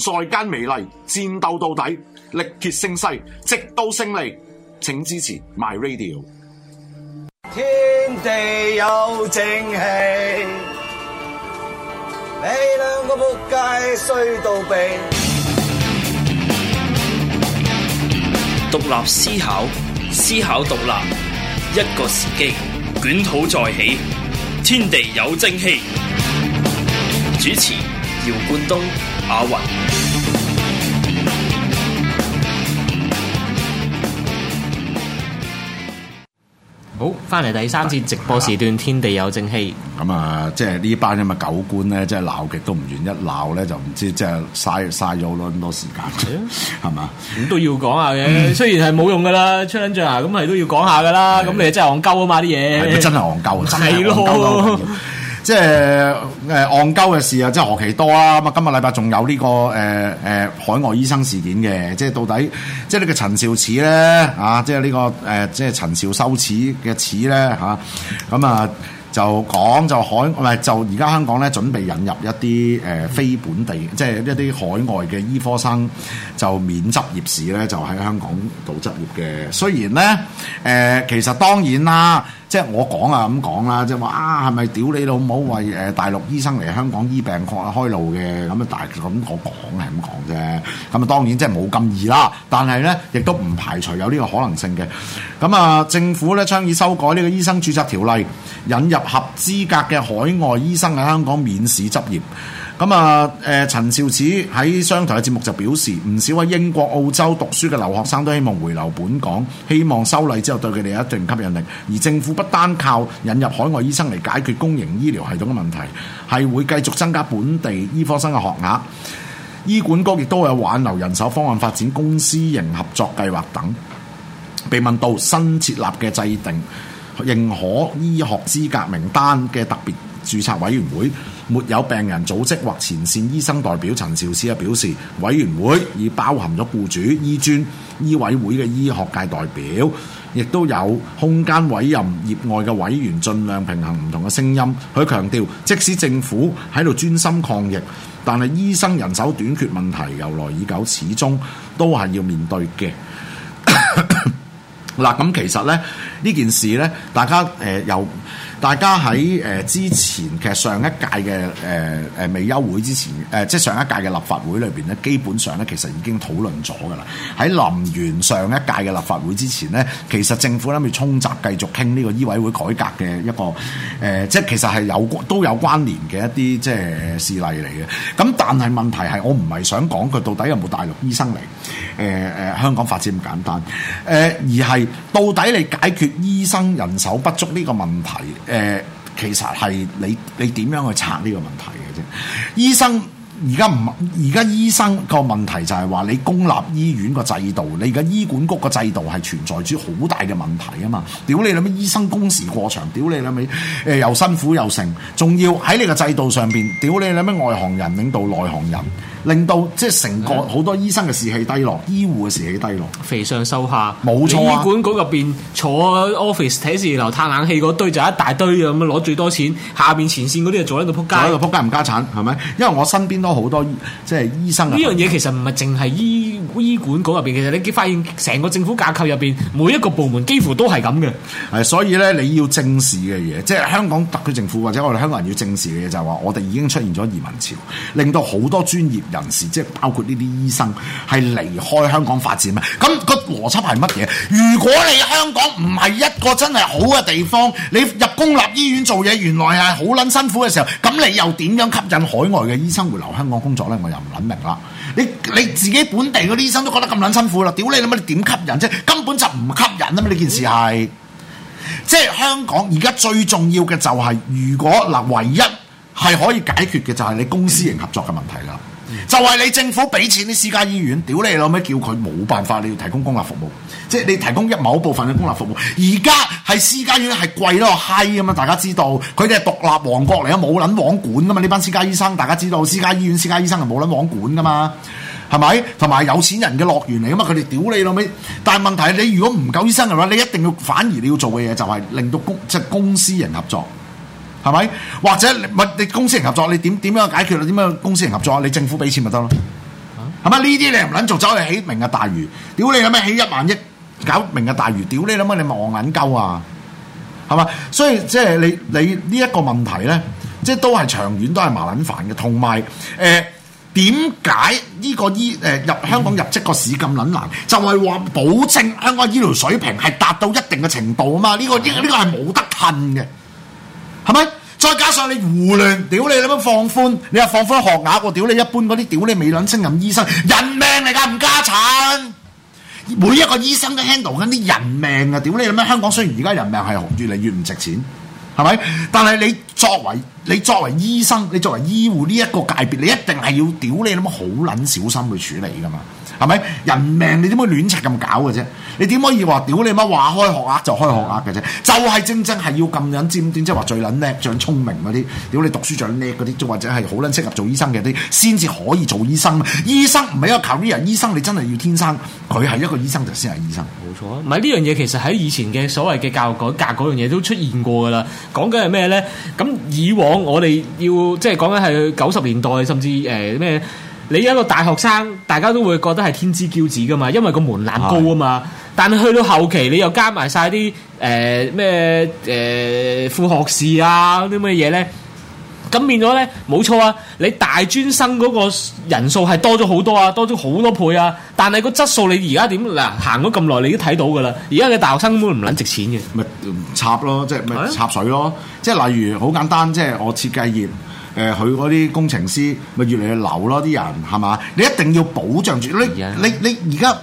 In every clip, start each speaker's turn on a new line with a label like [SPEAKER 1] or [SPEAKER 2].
[SPEAKER 1] 賽間美麗，戰鬥到底，力竭勝勢，直到勝利，請支持 My Radio。天地有正氣，你兩個仆街衰到痹。
[SPEAKER 2] 獨立思考，思考獨立，一個時機，捲土再起。天地有正氣。主持：姚冠東、阿云。好，翻嚟第三次直播時段，
[SPEAKER 1] 天地有正氣。咁啊，即係呢班咁嘅狗官咧，即係鬧極都唔願，一鬧咧就唔知即係嘥嘥咗咁多時間，係嘛？
[SPEAKER 2] 咁都要講下嘅，雖然係冇用噶啦，出撚象牙咁係都要講下噶啦。咁你真係戇鳩啊嘛啲嘢，真係戇鳩，真係戇鳩咯。
[SPEAKER 1] 即係誒戇鳩嘅事啊！即係何其多啦咁啊！今日禮拜仲有呢、這個誒誒、呃呃、海外醫生事件嘅，即係到底即係呢個陳肇始咧啊！即係呢、這個誒、呃、即係陳兆羞恥嘅恥咧嚇咁啊！就講就海唔係、呃、就而家香港咧準備引入一啲誒、呃、非本地、嗯、即係一啲海外嘅醫科生就免執業試咧，就喺香港度執業嘅。雖然咧誒、呃，其實當然啦。即係我講、就是、啊咁講啦，即係話啊係咪屌你老母為誒大陸醫生嚟香港醫病開開路嘅咁啊大咁我講係咁講啫，咁啊當然即係冇咁易啦，但係咧亦都唔排除有呢個可能性嘅。咁啊政府咧倡議修改呢個醫生註冊條例，引入合資格嘅海外醫生喺香港免試執業。咁啊，誒、呃、陳肇始喺商台嘅節目就表示，唔 少喺英國澳洲，讀書嘅留學生都希望回流本港，希望修例之後對佢哋有一定吸引力。而政府不單靠引入海外醫生嚟解決公營醫療系統嘅問題，係會繼續增加本地醫科生嘅學額，醫管局亦都有挽留人手方案，發展公司型合作計劃等。被問到新設立嘅制定認可醫學資格名單嘅特別。註冊委員會沒有病人組織或前線醫生代表。陳肇始啊表示，委員會已包含咗雇主、醫專、醫委會嘅醫學界代表，亦都有空間委任業外嘅委員，盡量平衡唔同嘅聲音。佢強調，即使政府喺度專心抗疫，但係醫生人手短缺問題由來已久，始終都係要面對嘅。嗱，咁 其實呢呢件事呢，大家誒、呃、由大家喺誒、呃、之前，其實上一屆嘅誒誒未休會之前，誒、呃、即係上一屆嘅立法會裏邊咧，基本上咧其實已經討論咗㗎啦。喺臨完上一屆嘅立法會之前咧，其實政府諗住衝閘繼續傾呢個醫委會改革嘅一個誒、呃，即係其實係有都有關聯嘅一啲即係事例嚟嘅。咁但係問題係，我唔係想講佢到底有冇大陸醫生嚟。誒誒、呃，香港發展咁簡單誒、呃，而係到底你解決醫生人手不足呢個問題誒、呃，其實係你你點樣去拆呢個問題嘅啫？醫生而家唔而家醫生個問題就係話你公立醫院個制度，你而家醫管局個制度係存在住好大嘅問題啊嘛！屌你諗咩？醫生工時過長，屌你諗咩？誒又辛苦又剩，仲要喺你個制度上邊，屌你諗咩？外行人領導內行人。令到即係成個好多醫生嘅士氣低落，的醫護嘅士氣低落。
[SPEAKER 2] 肥上瘦下，
[SPEAKER 1] 冇錯、啊、醫管
[SPEAKER 2] 局入邊坐 office 睇字樓嘆冷氣嗰堆就一大堆咁樣攞最多錢。下邊前線嗰啲就坐喺度扑街，坐喺度扑街唔加產係咪？因為我身邊都好多即係、就是、醫生。呢樣嘢其實唔係淨係醫醫管局入邊，其實你發現成個政府
[SPEAKER 1] 架構入邊，每一個部門幾乎都係咁嘅。係所以咧，你要正視嘅嘢，即、就、係、是、香港特區政府或者我哋香港人要正視嘅嘢，就係話我哋已經出現咗移民潮，令到好多專業。人士即係包括呢啲醫生係離開香港發展啊！咁、嗯嗰個邏輯係乜嘢？如果你香港唔係一個真係好嘅地方，你入公立醫院做嘢原來係好撚辛苦嘅時候，咁你又點樣吸引海外嘅醫生回流香港工作呢？我又唔撚明啦！你你自己本地嗰啲醫生都覺得咁撚辛苦啦，屌、啊、你！你諗點吸引啫？根本就唔吸引啊嘛！呢件事係即係香港而家最重要嘅就係、是，如果嗱唯一係可以解決嘅就係你公私營合作嘅問題啦。就係你政府俾錢啲私家醫院，屌你老味，叫佢冇辦法，你要提供公立服務，即係你提供一某部分嘅公立服務。而家係私家醫院係貴到閪咁啊！大家知道，佢哋係獨立王國嚟啊，冇撚王管噶嘛。呢班私家醫生大家知道，私家醫院、私家醫生係冇撚王管噶嘛，係咪？同埋有，有錢人嘅樂園嚟啊嘛！佢哋屌你老味，但係問題係你如果唔夠醫生嘅話，你一定要反而你要做嘅嘢就係、是、令到公即係、就是、公私人合作。係咪？或者物你公司人合作，你點點樣解決？點樣公司人合作？你政府俾錢咪得咯？係咪，呢啲你唔撚做，走去起明日大嶼？屌你諗乜起一萬億搞明日大嶼？屌你諗乜你望眼鳩啊？係嘛？所以即係你你呢一個問題咧，即係都係長遠都係麻撚煩嘅。同埋誒點解呢個醫誒入香港入職個市咁撚難？就係話保證香港醫療水平係達到一定嘅程度啊嘛！呢個呢個係冇得褪嘅。係咪？再加上你胡亂屌你，你乜放寬？你又放寬學額？我屌你！一般嗰啲屌你未卵升任醫生，人命嚟噶，唔家產。每一個醫生都 handle 緊啲人命啊，屌你！屌你乜香港雖然而家人命係越嚟越唔值錢，係咪？但係你作為你作為醫生，你作為醫護呢一個界別，你一定係要屌你，你乜好捻小心去處理噶嘛？係咪？人命你點可以亂策咁搞嘅啫？你點可以話屌你媽話開學壓就開學壓嘅啫？就係、是、正正係要咁樣尖端，即係話最撚叻、最聰明嗰啲，屌你讀書最叻嗰啲，或者係好撚適合做醫生嘅啲，先至可以做醫生。醫生唔係一個 career 醫生，你真係要天生佢係一個醫生就先係醫生。
[SPEAKER 2] 冇錯啊！唔係呢樣嘢，其實喺以前嘅所謂嘅教育改革嗰樣嘢都出現過噶啦。講緊係咩咧？咁以往我哋要即係講緊係九十年代，甚至誒咩？呃你一個大學生，大家都會覺得係天之驕子噶嘛，因為個門檻高啊嘛。是的 但係去到後期，你又加埋晒啲誒咩誒副學士啊啲乜嘢咧，咁變咗咧，冇錯啊！你大專生嗰個人數係多咗好多啊，多咗好多倍啊！但係個質素你而家點嗱，行咗咁耐，你都
[SPEAKER 1] 睇到噶啦。而家嘅大學生根本唔撚值錢嘅，啊，咪插咯，即係咪插水咯？啊，即係例如好簡單，即係我設計業。誒佢嗰啲工程師咪越嚟越流咯，啲人係嘛？你一定要保障住你你你而家，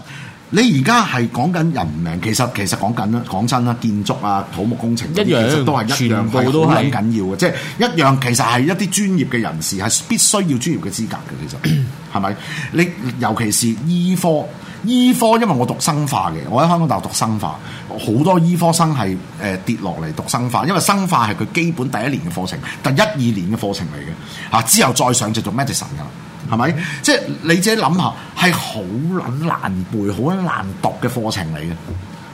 [SPEAKER 1] 你而家係講緊人命，其實其實講緊啦，講真啦，建築啊、土木工程一樣其實都係全部都好緊要嘅，即係一樣其實係一啲專業嘅人士係必須要專業嘅資格嘅，其實係咪？ 你尤其是醫科。醫科，因為我讀生化嘅，我喺香港大學讀生化，好多醫科生係誒、呃、跌落嚟讀生化，因為生化係佢基本第一年嘅課程，第一二年嘅課程嚟嘅，啊之後再上就讀 medicine 㗎啦，係咪？嗯、即係你自己諗下，係好撚難背、好撚難讀嘅課程嚟嘅。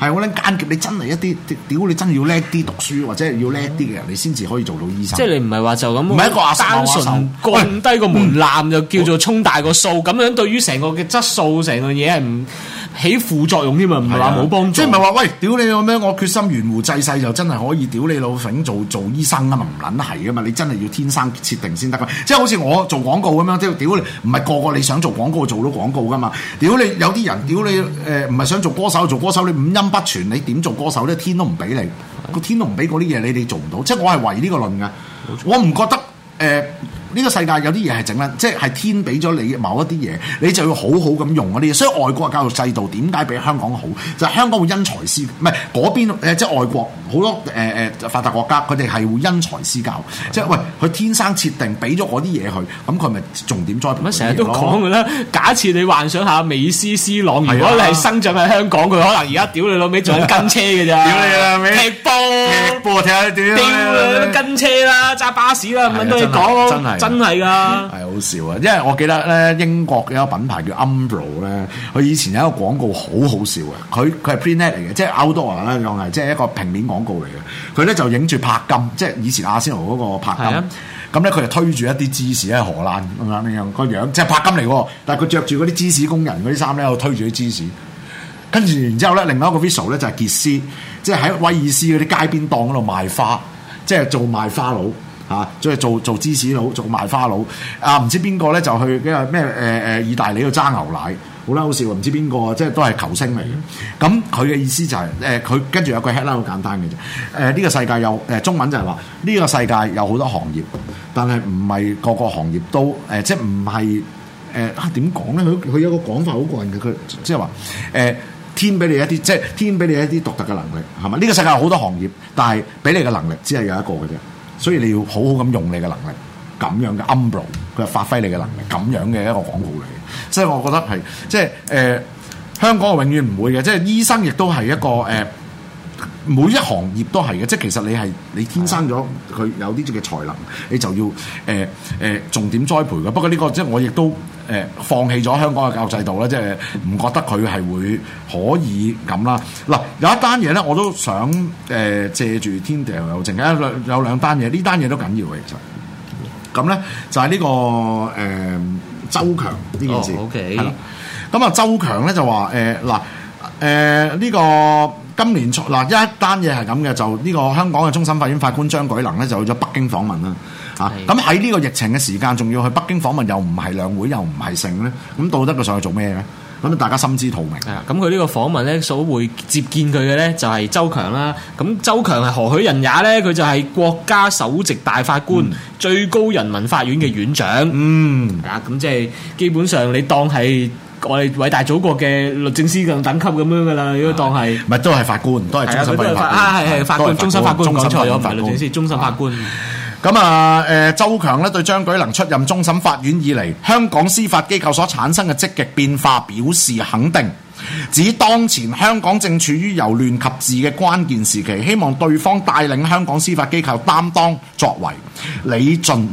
[SPEAKER 1] 係好撚你真係一啲屌，你真係要叻啲讀書或者要叻啲嘅人，你先至可以做到醫生。即
[SPEAKER 2] 係你唔係話就咁，唔係一個單純降
[SPEAKER 1] 低個門檻喂就叫做衝
[SPEAKER 2] 大個數。咁樣對於成個嘅質素，成樣嘢係唔起副作用添啊？唔係話冇
[SPEAKER 1] 幫助。即係唔係話喂，屌你我咩？我決心懸壺濟世就真係可以屌你老餅做做醫生噶嘛？唔撚係噶嘛？你真係要天生設定先得噶。即係好似我做廣告咁樣，即屌你，唔係個個你想做廣告做到廣告噶嘛？屌你有啲人，屌你誒唔係想做歌手做歌手，你五音。不全你點做歌手咧？天都唔俾你，個的天都唔俾嗰啲嘢，你哋做唔到。即係我係為呢個論嘅，的我唔覺得誒。呃呢個世界有啲嘢係整咧，即係天俾咗你某一啲嘢，你就要好好咁用嗰啲嘢。所以外國教育制度點解比香港好？就係香港會因材施，唔係嗰邊即係外國好多誒誒發達國家，佢哋係會因材施教。即係喂，佢天生設定俾咗嗰啲嘢佢，咁佢咪重點栽培，成日都講嘅
[SPEAKER 2] 啦。假設你幻想下美斯、斯朗，如果你係生長喺香港，佢可能而家屌你老味，仲跟車嘅咋？屌你老味！踢波，踢波，踢下點？屌你都跟車啦，揸巴士啦，揾到嘢講，真係。真係噶、啊，係
[SPEAKER 1] 好笑啊！因為我記得咧，英國有一個品牌叫 Umbro 咧，佢以前有一個廣告好好笑嘅。佢佢係 print 嚟嘅，即係 Outdoor 咧用係即係一個平面廣告嚟嘅。佢咧就影住柏金，即係以前阿仙奴嗰個柏金。咁咧佢就推住一啲芝士喺荷蘭咁樣，然後個樣即係柏金嚟喎。但係佢着住嗰啲芝士工人嗰啲衫咧，喺度推住啲芝士。跟住然之後咧，另外一個 visual 咧就係傑斯，即係喺威爾斯嗰啲街邊檔嗰度賣花，即係做賣花佬。啊！即係做做芝士佬，做賣花佬啊！唔知邊個咧就去，咩？誒、呃、誒，意大利度爭牛奶，好啦，好笑唔知邊個，即係都係球星嚟嘅。咁佢嘅意思就係、是，誒、呃，佢跟住有句 headline 好簡單嘅啫。誒、呃，呢、這個世界有，誒、呃，中文就係話呢個世界有好多行業，但係唔係個個行業都，誒、呃，即係唔係，誒、呃，啊，點講咧？佢佢有個講法好過人嘅，佢即係話，誒、呃，添俾你一啲，即係添俾你一啲獨特嘅能力，係嘛？呢、這個世界有好多行業，但係俾你嘅能力只係有一個嘅啫。所以你要好好咁用你嘅能力，咁樣嘅 umbrella，佢發揮你嘅能力，咁樣嘅一個廣告嚟嘅，所以我覺得係即係誒、呃、香港永遠唔會嘅，即係醫生亦都係一個誒。呃每一行業都係嘅，即係其實你係你天生咗佢有啲嘅才能，你就要誒誒、呃呃、重點栽培嘅。不過呢、呢個即係我亦都誒放棄咗香港嘅教育制度啦，即係唔覺得佢係會可以咁啦。嗱，有一單嘢咧，我都想誒借住天地有情、呃，有兩有兩單嘢，呢單嘢都緊要嘅其實。咁咧就係、係、呢、呢個誒、呃、周強呢件事。Oh, OK、係啦。咁啊，周強咧就話誒嗱誒呢個。今年嗱一單嘢係咁嘅，就呢個香港嘅終審法院法官張舉能咧，就去咗北京訪問啦。嚇，咁喺呢個疫情嘅時間，仲要去北京訪問，又唔係兩會，又唔係城咧，咁道德佢上去做咩咧？咁大家心知肚明。係啊，咁佢呢個訪問咧，所會
[SPEAKER 2] 接見佢嘅咧，就係周強啦。咁周強係何許人也咧？佢就係國家首席大法官、嗯、最高人民法院嘅院長。嗯，係啊，咁即係基本上你當係。我哋偉大祖國嘅律政司嘅等級咁樣噶啦，如果當係
[SPEAKER 1] 唔係都係法官，都係終審法官啊，係係法官，終審法官講錯咗，唔係律政司終審法官。咁啊，誒周強呢對張舉能出任終審法院以嚟，香港司法機構所產生嘅積極變化表示肯定，指當前香港正處於由亂及治嘅關鍵時期，希望對方帶領香港司法機構擔當作為，理盡。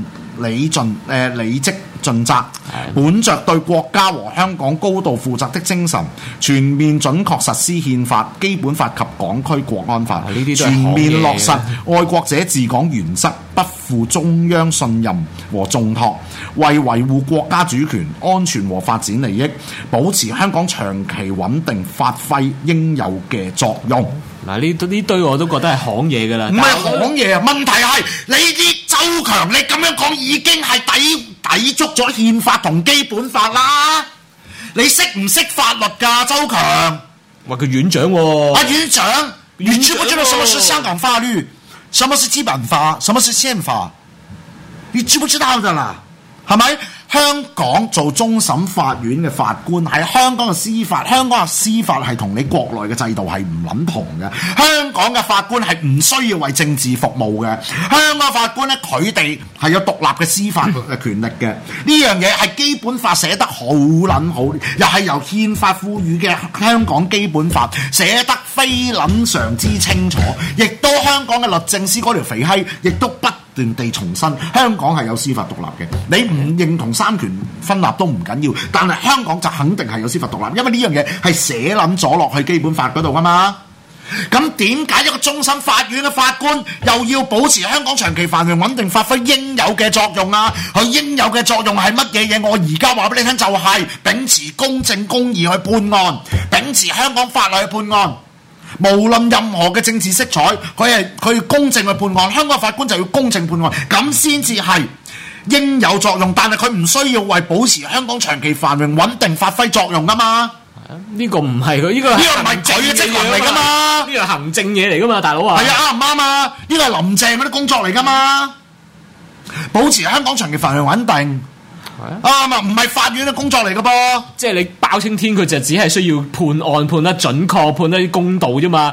[SPEAKER 1] 理盡誒、呃、理職盡責，的本着對國家和香港高度負責的精神，全面準確實施憲法、基本法及港區國安法，哦、全面落實愛國者治港原則， 不負中央信任和重託，為維護國家主權、安全和發展利益，保持香港長期穩定，發揮應有嘅作用。嗱、啊，呢啲呢堆我都覺得係行嘢㗎啦，唔係我行嘢啊！問題係你知。周強，你咁樣講已經係抵抵觸咗憲法同基本法啦！你識唔識法律噶，周強？
[SPEAKER 2] 話佢院長，哦
[SPEAKER 1] 啊、院長，阿院長、哦，你知唔知道什麼是香港法律？什麼是基本法？什麼是憲法？你知不知道的啦？係咪？香港做終審法院嘅法官，係香港嘅司法，香港嘅司法係同你國內嘅制度係唔諗同嘅。香港嘅法官係唔需要為政治服務嘅。香港法官咧，佢哋係有獨立嘅司法嘅權力嘅。呢 樣嘢係基本法寫得好諗好，又係由憲法賦予嘅香港基本法寫得非諗常之清楚，亦都香港嘅律政司嗰條肥閪亦都不。斷地重申，香港係有司法獨立嘅。你唔認同三權分立都唔緊要，但係香港就肯定係有司法獨立，因為呢樣嘢係寫諗咗落去基本法嗰度噶嘛。咁點解一個終審法院嘅法官又要保持香港長期繁榮穩定，發揮應有嘅作用啊？佢應有嘅作用係乜嘢嘢？我而家話俾你聽，就係秉持公正公義去判案，秉持香港法律去判案。無論任何嘅政治色彩，佢係佢公正去判案。香港法官就要公正判案，咁先至係應有作用。但係佢唔需要為保持香港長期繁榮穩定發揮作用噶嘛？呢個唔係佢呢個呢個唔係佢職能嚟噶嘛？呢個行政嘢嚟噶嘛，大佬啊！係啊，啱唔啱啊？呢個係林鄭嗰啲工作嚟噶嘛？嗯、保持香港長期繁榮穩定。啊唔係法院
[SPEAKER 2] 嘅工作嚟噶噃，即係你包青天，佢就只係需要判案判得準確、判得公道啫嘛。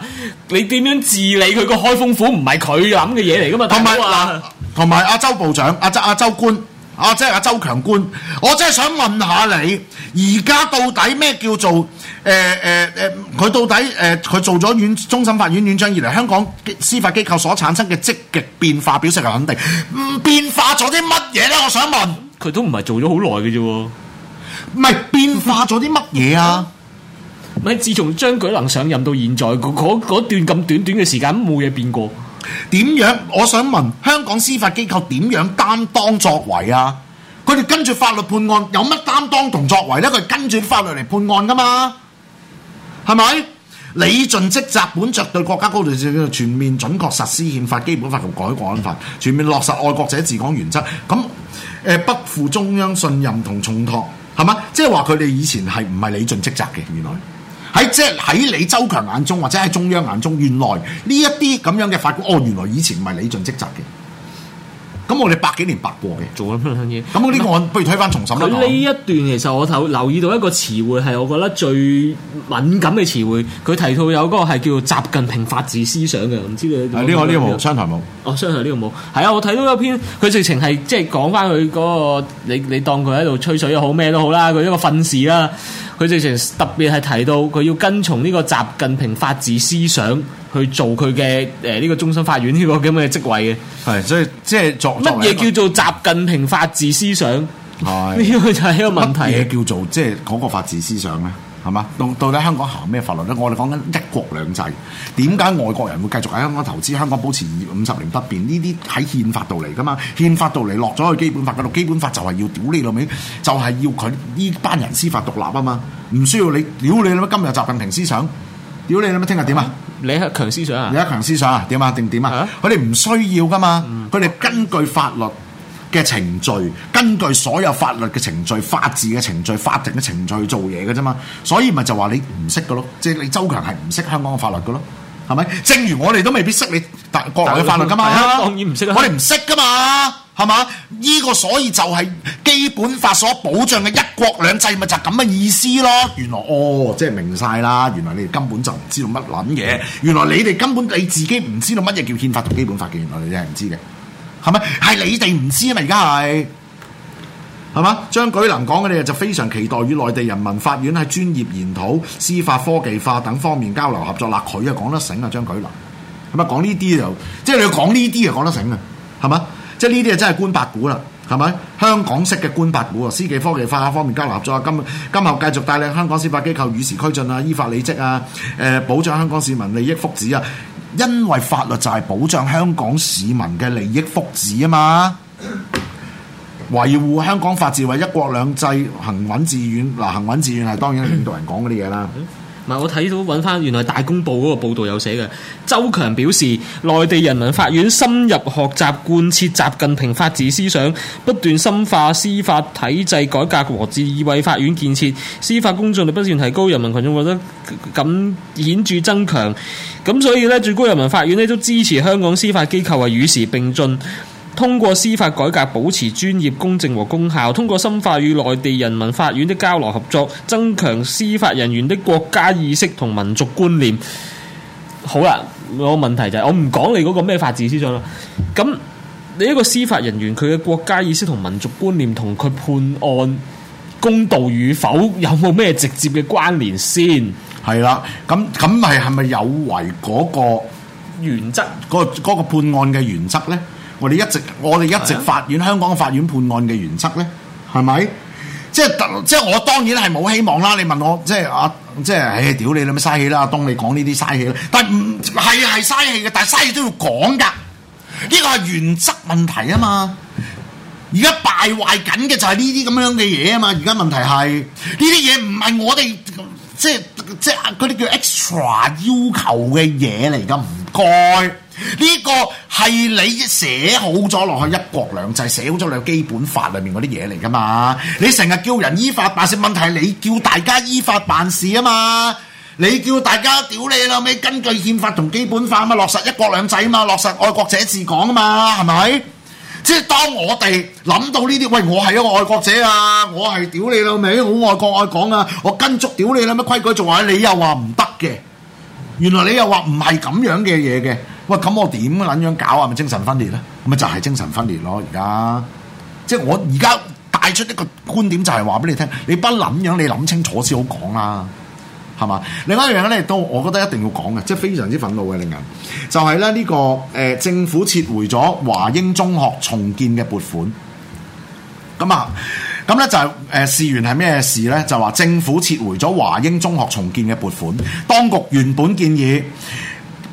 [SPEAKER 2] 你點樣治理佢個開封府？唔係佢諗嘅嘢嚟噶嘛。同埋嗱，
[SPEAKER 1] 同埋阿周部長、阿周阿周官、阿即係阿周強官，我真係想問下你，而家到底咩叫做？誒誒誒，佢、呃、到底誒佢、呃、做咗院、終審法院院長以嚟，香港司法機構所產生嘅積極變化，表示係肯定。唔變化咗啲乜嘢咧？我想問。佢都唔係做咗好耐
[SPEAKER 2] 嘅啫，咪變化咗啲乜嘢啊？咪自從張舉能上任到現
[SPEAKER 1] 在嗰嗰嗰段咁短短嘅時間都冇嘢變過。點樣？我想問香港司法機構點樣擔當作為啊？佢哋跟住法律判案有乜擔當同作為咧？佢係跟住啲法律嚟判案噶嘛？係咪？你盡職責，本着對國家高度全面準確實施憲法、基本法同改國安法，全面落實愛國者治港原則咁，誒不負中央信任同重託，係嘛？即係話佢哋以前係唔係理盡職責嘅？原來喺即係喺你周強眼中，或者喺中央眼中，原來呢一啲咁樣嘅法官，哦，原來以前唔係理盡職責嘅。咁我哋百幾年白過嘅，做咗乜嘢？咁我呢個案，但 不如推翻重審啦。呢一段其
[SPEAKER 2] 實我頭留意到一個詞彙，係我覺得最敏感嘅詞彙。佢提到有個係叫習近平法治思想嘅，唔知道你？呢、這個呢、這個冇、這個哦，商台冇。哦，商台呢個冇。係啊，我睇到一篇，佢直情係即係講翻佢嗰個，你你當佢喺度吹水又好咩都好啦，佢一個訓示啦。佢直情特別係提到佢要跟從呢個習近平法治思想。去做佢嘅，誒呢個中心法院呢個咁嘅職位嘅，係所以即係作乜嘢叫做習近平法治思想？係
[SPEAKER 1] 呢是 個就係一個問題。乜嘢叫做即係嗰個法治思想咧？係嘛？到到底香港行咩法律咧？我哋講緊一國兩制。點解外國人會繼續喺香港投資？香港保持五十年不變？呢啲喺憲法度嚟噶嘛？憲法度嚟落咗去基本法嗰度。基本法就係要屌你老味，就係、是、要佢呢班人司法獨立啊嘛。唔需要你屌你老味今日習近平思想，屌你老味聽日點啊？李克強思想啊？李克強思想啊？點啊？定點啊？佢哋唔需要噶嘛？佢哋、嗯、根據法律嘅程序，根據所有法律嘅程序、法治嘅程序、法定嘅程序去做嘢嘅啫嘛。所以咪就話你唔識嘅咯，即係你周強係唔識香港法律嘅咯。係咪？正如我哋都未必識你法國內嘅法律噶嘛，當然唔識啦。我哋唔識噶嘛，係嘛？呢個所以就係基本法所保障嘅一國兩制，咪就係咁嘅意思咯。原來哦，即係明晒啦。原來你哋根本就唔知道乜撚嘢。原來你哋根本你自己唔知道乜嘢叫憲法同基本法嘅。原來你哋係唔知嘅，係咪？係你哋唔知啊嘛，而家係。係嘛？張舉能講嘅嘢就非常期待與內地人民法院喺專業研討、司法科技化等方面交流合作。嗱、啊，佢啊講得醒啊，張舉能係咪講呢啲就即係你要講呢啲啊講得醒啊，係嘛？即係呢啲啊真係官八股啦，係咪香港式嘅官八股啊？司法科技化方面交流合作，今今後繼續帶領香港司法機構與時俱進啊，依法理職啊，誒、呃、保障香港市民利益福祉啊，因為法律就係保障香港市民嘅利益福祉啊嘛。維護香港法治，為一國兩制行穩致遠。嗱，行穩致遠係當然領導人講嗰啲嘢啦。
[SPEAKER 2] 嗱， 我睇到搵翻，原來大公報嗰個報道有寫嘅。周強表示，內地人民法院深入學習貫徹習近平法治思想，不斷深化司法體制改革和智慧法院建設，司法公信力不斷提高，人民群眾覺得咁顯著增強。咁所以呢，最高人民法院呢都支持香港司法機構係與時並進。通過司法改革，保持專業、公正和功效。通過深化與內地人民法院的交流合作，增強司法人員的國家意識同民族觀念。好啦，我問題就係、是、我唔講你嗰個咩法治思想啦。咁你一個司法人員，佢嘅國家意識同民族觀念同佢判案公道
[SPEAKER 1] 與否有冇咩直接嘅關聯先？係啦，咁咁係係咪有違嗰個原則？個、嗰個判案嘅原則呢？我哋一直，我哋一直法院、啊、香港法院判案嘅原則咧，係咪？即係即係我當然係冇希望啦。你問我，即係啊，即係唉、哎，屌你啦，咪嘥氣啦。當你講呢啲嘥氣啦，但係係嘥氣嘅，但係嘥氣都要講噶。呢個係原則問題啊嘛。而家敗壞緊嘅就係呢啲咁樣嘅嘢啊嘛。而家問題係呢啲嘢唔係我哋即係即係佢哋叫 extra 要求嘅嘢嚟噶，唔該。呢個係你寫好咗落去一國兩制，寫好咗你去基本法裏面嗰啲嘢嚟㗎嘛？你成日叫人依法辦事，問題你叫大家依法辦事啊嘛？你叫大家屌你老味根據憲法同基本法嘛，落實一國兩制啊嘛，落實愛國者治港啊嘛，係咪？即係當我哋諗到呢啲，喂，我係一個愛國者啊，我係屌你老味，好愛國愛港啊，我跟足屌你啦，咩規矩做啊？你又話唔得嘅，原來你又話唔係咁樣嘅嘢嘅。喂，咁我點撚樣搞啊？咪精神分裂呢？咁咪就係精神分裂咯！而家即係我而家帶出一個觀點，就係話俾你聽，你不諗樣，你諗清楚先好講啦，係嘛？另外一樣咧，都我覺得一定要講嘅，即係非常之憤怒嘅令人，就係咧呢個誒、呃、政府撤回咗華英中學重建嘅撥款。咁啊，咁咧就係、是、誒、呃、事源係咩事呢？就話政府撤回咗華英中學重建嘅撥款，當局原本建議。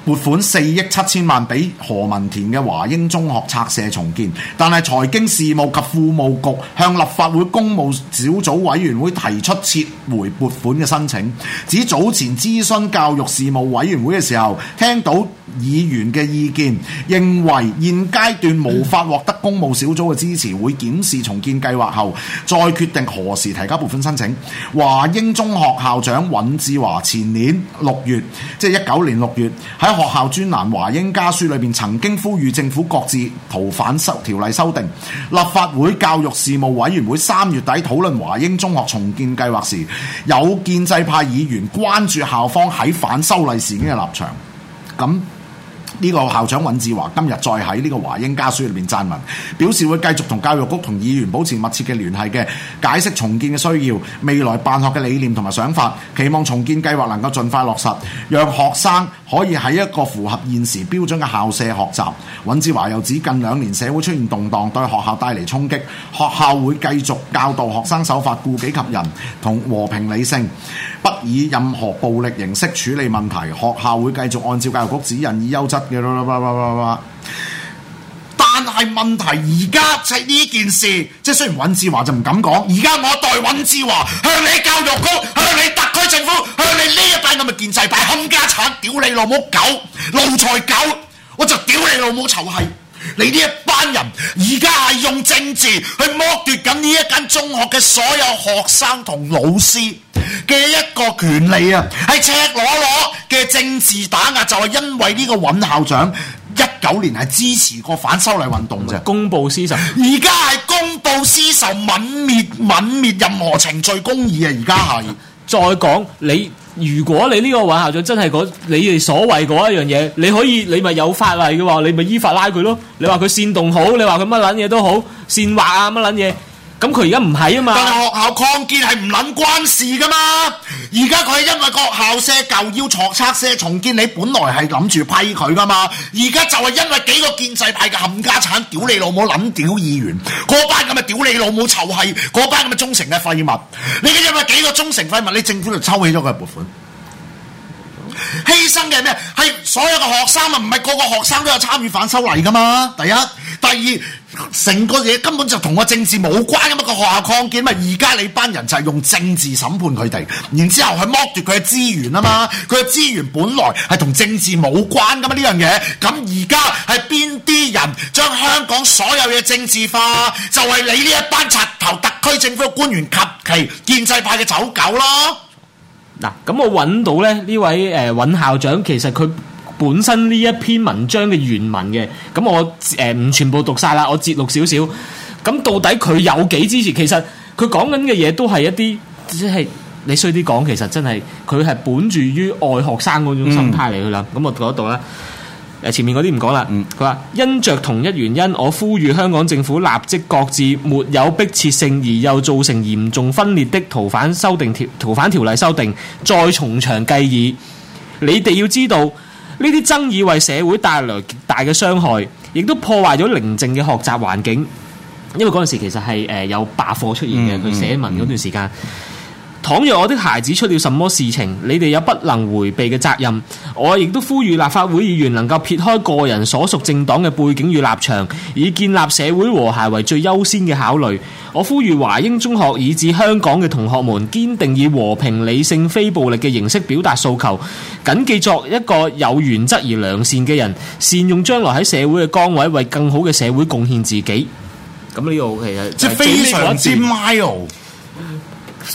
[SPEAKER 1] 撥款四億七千萬俾何文田嘅華英中學拆卸重建，但係財經事務及庫務局向立法會公務小組委員會提出撤回撥款嘅申請，指早前諮詢教育事務委員會嘅時候聽到，議員嘅意見認為，現階段無法獲得公務小組嘅支持，會檢視重建計劃後再決定何時提交撥款申請。華英中學校長尹志華前年六月，即係一九年六月，喺學校專欄《華英家書裡面》裏邊曾經呼籲政府擱置逃犯修條例修訂。立法會教育事務委員會三月底討論華英中學重建計劃時，有建制派議員關注校方喺反修例事件嘅立場。咁呢個校長尹志華今日再喺呢個華英家書裏邊撰文，表示會繼續同教育局同議員保持密切嘅聯繫嘅，解釋重建嘅需要，未來辦學嘅理念同埋想法，期望重建計劃能夠盡快落實，讓學生可以喺一個符合現時標準嘅校舍學習。尹志華又指近兩年社會出現動盪，對學校帶嚟衝擊，學校會繼續教導學生守法顧己及人同和平理性，不以任何暴力形式處理問題。學校會繼續按照教育局指引以優質。 但係問題而家即係呢件事，即係雖然尹志華就唔敢講，而家我代尹志華向你教育局、向你特區政府、向你呢一班咁嘅建制派冚家鏟，屌你老母狗、奴才狗，我就屌你老母臭閪！你呢一班人而家係用政治去剝奪緊呢一間中學嘅所有學生同老師。嘅一個權利啊，係赤裸裸嘅政治打壓，就係因為呢個尹校長一九年係支持過反修例運動嘅。公報私仇，而家係公報私仇，泯滅泯滅任何程序
[SPEAKER 2] 公義啊！而家係再講你，如果你呢個尹校長真係嗰你哋所謂嗰一樣嘢，你可以你咪有法例嘅話，你咪依法拉佢咯。你話佢煽動好，你話佢乜撚嘢都好，煽惑啊乜撚嘢。咁佢而家唔係啊嘛，但係學校擴建係唔
[SPEAKER 1] 諗關事噶嘛。而家佢係因為個校舍舊要重拆、重建，你本來係諗住批佢噶嘛。而家就係因為幾個建制派嘅冚家鏟，屌你老母諗屌議員，嗰班咁啊屌你老母臭閪，嗰班咁啊忠誠嘅廢物。你而家因為幾個忠誠廢物，你政府就抽起咗佢撥款。犧牲嘅係咩？係所有嘅學生啊，唔係個個學生都有參與反修例噶嘛。第一，第二，成個嘢，根本就同個政治冇關噶嘛，個學校擴建咪。而家你班人就係用政治審判佢哋，然之後去剝奪佢嘅資源啊嘛？佢嘅資源本來係同政治冇關噶嘛。呢樣嘢，咁而家係邊啲人將香港所有嘢政治化？就係、是、你呢一班賊頭特區政府嘅官員及其建制派嘅走狗咯。
[SPEAKER 2] 嗱，咁我揾到咧呢位誒、呃、尹校長，其實佢本身呢一篇文章嘅原文嘅，咁我誒唔、呃、全部讀晒啦，我截錄少少。咁到底佢有幾支持？其實佢講緊嘅嘢都係一啲，即、就、係、是、你衰啲講，其實真係佢係本住於愛學生嗰種心態嚟噶啦。咁、嗯、我讀一讀誒前面嗰啲唔講啦，佢話、嗯、說因着同一原因，我呼籲香港政府立即擱置沒有迫切性而又造成嚴重分裂的逃犯修訂條逃犯條例修訂，再從長計議。你哋要知道，呢啲爭議為社會帶來大嘅傷害，亦都破壞咗寧靜嘅學習環境。因為嗰陣時其實係誒有罷課出現嘅，佢寫文嗰段時間。倘若我的孩子出了什麼事情，你哋有不能回避嘅責任。我亦都呼籲立法會議員能夠撇開個人所屬政黨嘅背景與立場，以建立社會和諧為最優先嘅考慮。我呼籲華英中學以至香港嘅同學們堅定以和平、理性、非暴力嘅形式表達訴求，謹記作一個有原則而良善嘅人，善用將來喺社會嘅崗位，為更好嘅社會貢獻自己。咁呢個其實即係非常之 mild。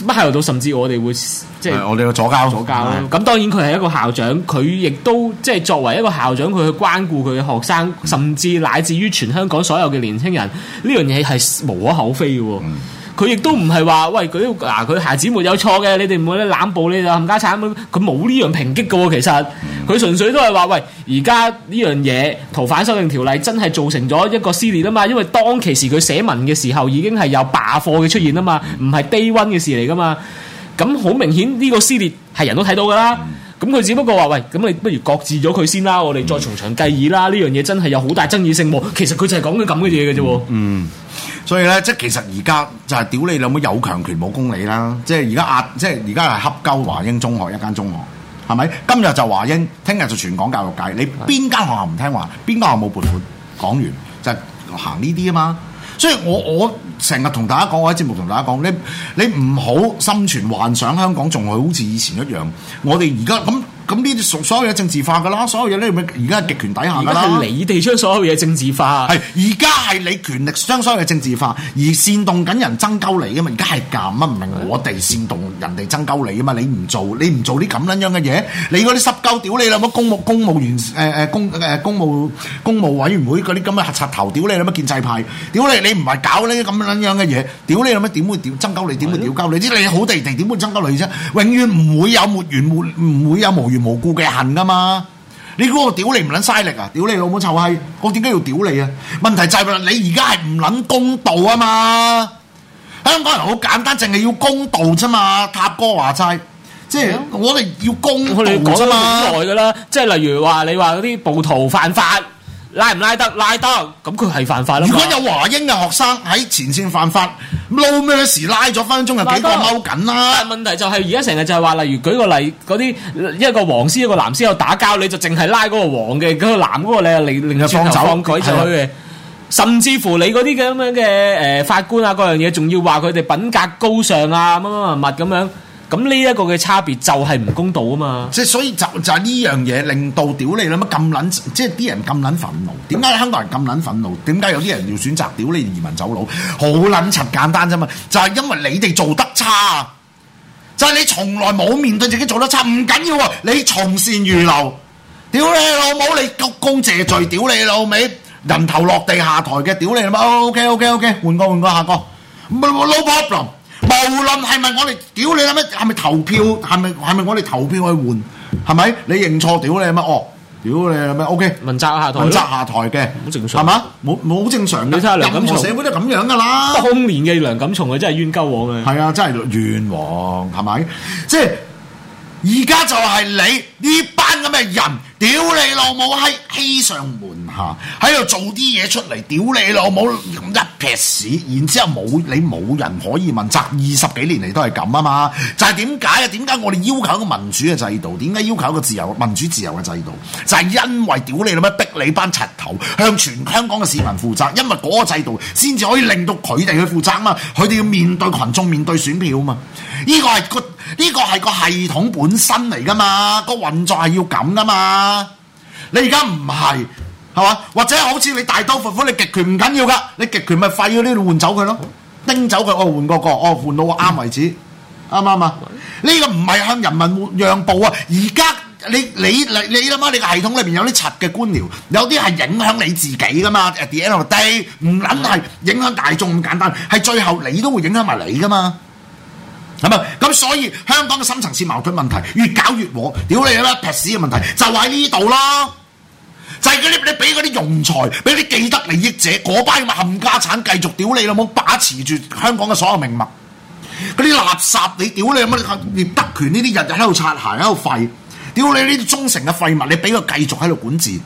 [SPEAKER 2] 乜係度？甚至我哋會即係、就是、我哋嘅左膠左膠膠。咁的當然佢係一個校長，佢亦都即係、就是、作為一個校長，佢去關顧佢嘅學生，嗯、甚至乃至於全香港所有嘅年輕人呢樣嘢係無可厚非嘅。嗯佢亦都唔係話，喂，佢嗱佢孩子沒有錯嘅，你哋唔好濫捕你啊，冚家鏟佢冇呢樣抨擊嘅喎，其實佢純粹都係話，喂，而家呢樣嘢逃犯修訂條例真係造成咗一個撕裂啊嘛，因為當其時佢寫文嘅時候已經係有罷課嘅出現啊嘛，唔係低溫嘅事嚟噶嘛，咁好明顯呢、呢個撕裂係人都睇到噶啦。咁佢只不過話喂，咁你不如擱置咗佢先啦，我哋再從長計議啦。呢、嗯、樣嘢真係有好大爭議性喎。其實佢就係講緊咁嘅嘢嘅啫。嗯，
[SPEAKER 1] 所以咧，即係其實而家就係屌你老母有強權冇公理啦。即係而家壓，即係而家係恰鳩華英中學一間中學，係咪？今日就華英，聽日就全港教育界，你邊間學校唔聽話，邊間學校冇撥款？講完就係、行呢啲啊嘛。即係我我成日同大家講，我喺節目同大家講，你你唔好心存幻想，香港仲係好似以前一樣。我哋而家噉。咁呢啲所有嘢政治化噶啦，所有嘢咧而家係極權底下噶啦，你哋將所有嘢政治化，係而家係你權力將所有嘢政治化而煽動緊人爭鳩你噶嘛？而家係咁啊，唔明？我哋煽動人哋爭鳩你啊嘛？你唔做，你唔做啲咁撚樣嘅嘢，你嗰啲濕鳩屌你啦！乜公務公務員誒誒公誒公務公務委員會嗰啲咁嘅核賊頭屌你啦！乜建制派屌你！你唔係搞呢啲咁撚樣嘅嘢，屌你啦！乜點會點爭鳩你？點會屌鳩你？啲你好地地點會爭鳩你啫？永遠唔會有沒完，唔會有無完。無辜嘅恨噶嘛？你估我屌你唔撚嘥力啊！屌你老母臭閪！我點解要屌你啊？問題就係你而家係唔撚公道啊嘛！香港人好簡單，淨係要公道啫嘛。塔哥話齋，即係、嗯、我哋要公道，我哋講咗好耐噶啦。即係
[SPEAKER 2] 例如話，你話嗰啲暴徒犯法。拉唔拉得，拉得，咁佢係犯法咯。如果有華英嘅學生喺前線犯法，No mercy，拉咗分分鐘啊，幾個踎緊啦。問題就係而家成日就係話，例如舉個例，嗰啲一個黃絲一個藍絲又打交，你就淨係拉嗰個黃嘅，嗰個藍嗰個你又令令佢放走佢就係佢嘅。對甚至乎你嗰啲嘅咁樣嘅誒、呃、法官啊各樣嘢，仲要話佢哋品格高尚啊乜乜乜乜
[SPEAKER 1] 咁樣。什麼什麼咁呢一個嘅差別就係唔公道啊嘛！即係所以就就係呢樣嘢令到屌你喇乜咁撚，即係啲人咁撚憤怒。點解香港人咁撚憤怒？點解有啲人要選擇屌你移民走佬？好撚柒簡單啫嘛！就係因為你哋做得差，就係你從來冇面對自己做得差，唔緊要喎。你從善如流，屌你老母！你鞠躬謝罪，屌你老味，人頭落地下台嘅屌你啊嘛。OK，OK，OK，換個換個,換個下個，唔係，no problem。無論係咪我哋屌你阿咩，係咪投票，係咪係咪我哋投票去換，係咪你認錯屌你阿咩哦，屌你阿咩，OK，問責下台問責下台嘅，好正常係嘛，冇冇好正常，你睇下梁錦松，任何社會都咁樣噶啦。當年嘅梁錦松佢真係冤鳩我嘅，係啊，真係冤枉。係咪？即係。而家就係你呢班咁嘅人，屌你老母喺欺上瞞下，喺度做啲嘢出嚟，屌你老母咁一撇屎，然之後冇你冇人可以問責，二十幾年嚟都係咁啊嘛！就係點解啊？點解我哋要求一個民主嘅制度？點解要求一個自由民主自由嘅制度？就係因為屌你老母逼你班柒頭向全香港嘅市民負責，因為嗰個制度先至可以令到佢哋去負責啊嘛！佢哋要面對群眾，面對選票啊嘛！呢、這個係、這個呢個係個系統本身嚟噶嘛，這個運作係要咁噶嘛。你而家唔係係嘛？或者好似你大刀闊斧，斧，你極權唔緊要噶，你極權咪廢咗呢度換走佢咯，拎走佢哦，換個個哦，換到個啱、嗯、為止，啱啱啊？呢喂個唔係向人民讓步啊！而家你你你你諗下你個系統裏邊有啲柒嘅官僚，有啲係影響你自己噶嘛？At the end of the day，唔撚係影響大眾咁簡單，係最後你都會影響埋你噶嘛。係咪？咁所以香港嘅深層次矛盾問題越搞越和，屌你啦，劈屎嘅問題就喺呢度啦。就係啲、就是、你俾嗰啲庸才，俾啲既得利益者，嗰班冚家產繼續屌你老母，把持住香港嘅所有命脈。嗰啲垃圾，你屌你乜？葉德權呢啲日日喺度擦鞋喺度廢，屌你呢啲忠誠嘅廢物，你俾佢繼續喺度管治。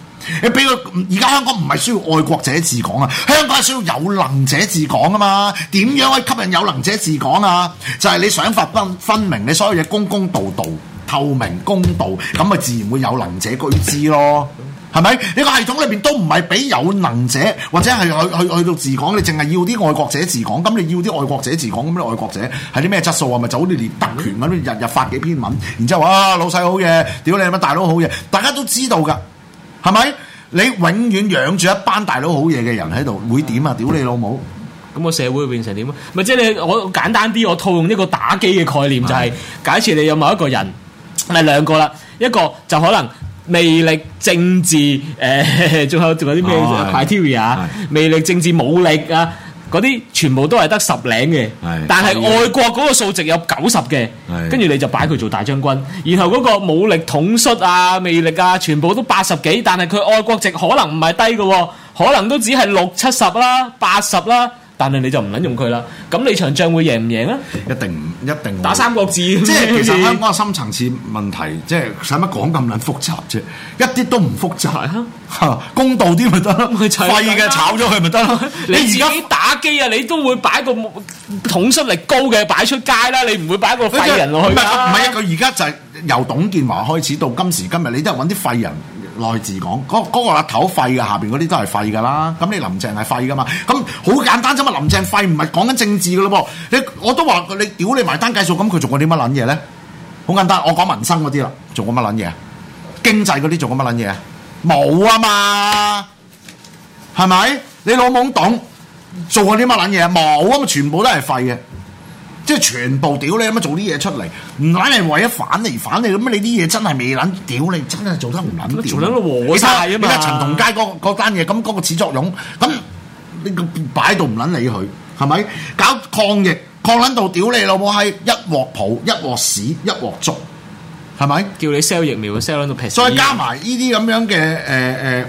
[SPEAKER 1] 你俾佢而家香港唔係需要愛國者治港啊，香港係需要有能者治港啊嘛。點樣可以吸引有能者治港啊？就係、是、你想法分分明，你所有嘢公公道，道道、透明公道，咁咪自然會有能者居之咯。係咪？你、這個系統裏邊都唔係俾有能者或者係去去去到治港，你淨係要啲愛國者治港。咁你要啲愛國者治港，咁啲愛國者係啲咩質素啊？咪就好似練特權咁，日日發幾篇文，然之後哇、啊、老細好嘢，屌你咪大佬好嘢，大家都知道噶。係咪？你永遠養住一班大佬好嘢嘅人喺度，會點啊？
[SPEAKER 2] 屌你老母！咁個社會會變成點啊？咪即係你我簡單啲，我套用一個打機嘅概念、就是，就係的假設你有某一個人，咪 兩個啦，一個就可能魅力政治誒，仲有仲有啲咩 criteria 啊？Criteria，哦、魅力政治武力啊！嗰啲全部都係得十零嘅，是但係外國嗰個數值有九十嘅，跟住的你就擺佢做大將軍，的然後嗰個武力統率啊、魅力啊，全部都八十幾，但係佢外國值可能唔係低嘅，可能都只係六七十啦、八十啦。但係你就唔撚用佢啦，咁你場仗會贏唔贏啊？一定唔一定打三
[SPEAKER 1] 國志。即係是 其實香港嘅深層次問題，即係使乜講咁撚複雜啫？一啲都唔複雜啊！嚇公道啲咪得咯？啊、廢嘅炒咗佢咪得咯？ 你自己
[SPEAKER 2] 打機啊，你都會擺個
[SPEAKER 1] 統率力高嘅擺出街啦，你唔會擺個廢人落去。唔係啊！佢而家就係由董建華開始到今時今日，你都係揾啲廢人。內字講嗰嗰、嗰個阿、嗰個、頭廢嘅，下邊嗰啲都係廢嘅啦。咁你林鄭係廢嘅嘛？咁好簡單啫嘛！林鄭廢唔係講緊政治嘅咯噃。你我都話你屌你埋單計數，咁佢做過啲乜撚嘢咧？好簡單，我講民生嗰啲啦，做過乜撚嘢？經濟嗰啲做過乜撚嘢？冇啊嘛，係咪？你老懵懂做過啲乜撚嘢？冇啊嘛，全部都係廢嘅。即係全部屌你，咁樣做啲嘢出嚟，唔揀你為咗反嚟反你，咁你啲嘢真係未撚屌你，真係做得唔撚掂。你而家陳同佳嗰嗰單嘢，咁嗰個始作俑，咁你擺到唔撚理佢，係咪搞抗疫抗撚到屌你老母閪，一鑊泡、一鑊屎、一鑊粥，係咪叫你 sell 疫苗 sell 到劈？再加埋呢啲咁樣嘅誒誒。呃呃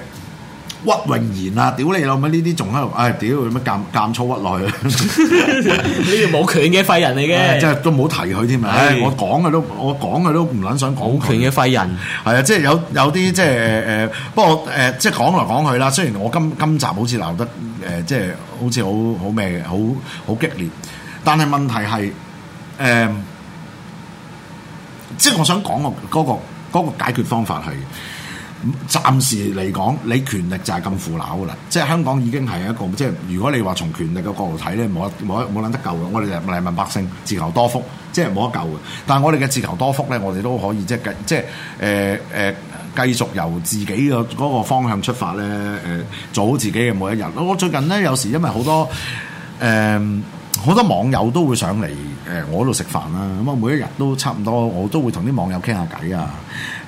[SPEAKER 1] 屈穎妍啊！屌你老母呢啲仲喺度，唉、哎，屌！咁啊鑑鑑粗屈落去，呢啲冇權嘅廢人嚟嘅、 啊。即係都冇提佢添啊！我講嘅都，我講嘅都唔撚想講。冇權嘅廢人係啊！即係有有啲即係誒，不過誒、呃，即係講來講去啦。雖然我今今集好似鬧得誒，即係好似好好咩嘅，好好，好激烈。但係問題係誒、呃，即係我想講嘅嗰個嗰個解決方法係。暫時嚟講，你權力就係咁腐朽㗎啦。即係香港已經係一個，即係如果你話從權力嘅角度睇咧，冇冇冇諗得救嘅。我哋就黎民百姓自求多福，即係冇得救嘅。但係我哋嘅自求多福咧，我哋都可以即係繼即係誒誒，繼續由自己嘅嗰個方向出發咧，誒、呃、做好自己嘅每一日。我最近咧有時因為好多誒。呃好多網友都會上嚟誒我度食飯啦，咁啊每一日都差唔多，我都會同啲網友傾下偈啊，